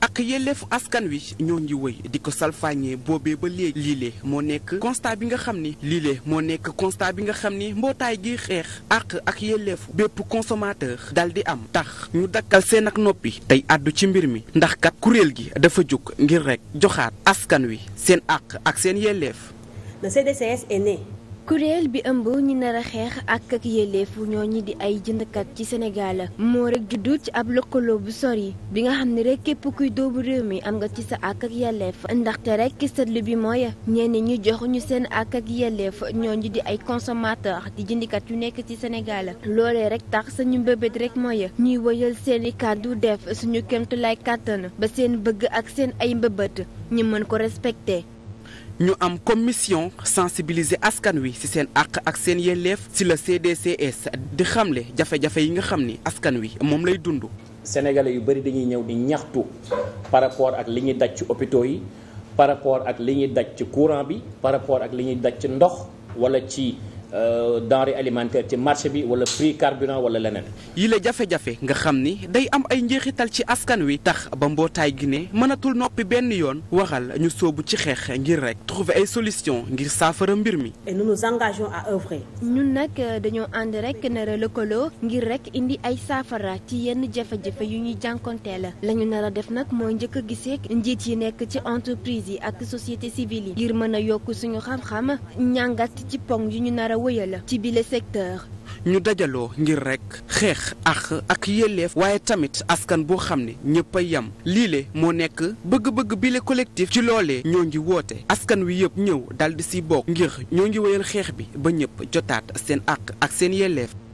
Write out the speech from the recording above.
ak yelleefu askan wi ñoo ngi wëy di ko salfaañee boobee ba léegi liile moo nekk constat bi nga xam ni liile moo nekk constat bi nga xam ni mbootaay gi xeex àq ak yelleefu bépp consommateur dal di am tax ñu dakkal seen ak noppi tey àddu ci mbir mi ndax kat kuréel gi dafa jóg ngir rekk joxaat askan wi seen àq ak seen yelleef. kuréel bi ëmb ñi nar a xeex ak ak yelleefu ñoo ñi di ay jëndkat ci Sénégal moo rek juddu ci ab lëkkaloo bu sor yi bi nga xam ne rek képp kuy doomu réew mi am nga ci sa ak ak yelleef ndaxte rek seetlu bi mooy ñenn ñi jox ñu seen ak ak yelleef ñoo ñi di ay consommateur di jëndkat yu nekk ci Sénégal loole rek tax sañu mbébét rek mooy ñuy wëyal seeni i kàddu def suñu kéemtulaay kàttan ba seen bëgg ak seen ay mbëbët ñu mën ko respecté. ñu am commission sensibiliser askan wi ci seen àq ak seen yelleef ci la CDCS di xamle jafe-jafe yi nga xam ni askan wi moom lay dund. sénégalais yu bari dañuy ñëw di ñaxtu par rapport ak li ñuy daj ci hôpitaux yi par rapport ak li ñuy daj ci courant bi par rapport ak li ñuy daj ci ndox walla ci. Euh, denrée alimentaire ci marché bi wala prix carburant wala leneen. yi la jafe-jafe nga xam ni day am ay njeexital ci askan wi. tax ba mbootaay gi ne mënatul noppi benn yoon waral ñu soobu ci xeex ngir rek trouver ay solution ngir saafara mbir mi. et nous à œuvrer. ñun nag euh, dañoo ànd rek nar a lëkkaloo ngir rek indi ay saafara ci yenn jafe-jafe yu ñuy jànkontee la la ñu nar a def nag mooy njëkk a gisee njiit yi nekk ci entreprise yi ak société civile yi ngir mën a yokk suñu xam wëyala ci bile secteur. ñu dajaloo ngir rekk xeex ak ak yelleef waaye tamit askan boo xam ne ñëpp a yam lii le moo nekk bëgg-bëgg bi le collectif ci loole ñoo ngi woote askan wi yëpp ñëw daldi ci bokk ngir ñoo ngi wéyal xeex bi ba ñëpp jotaat seen àq ak seen yelleef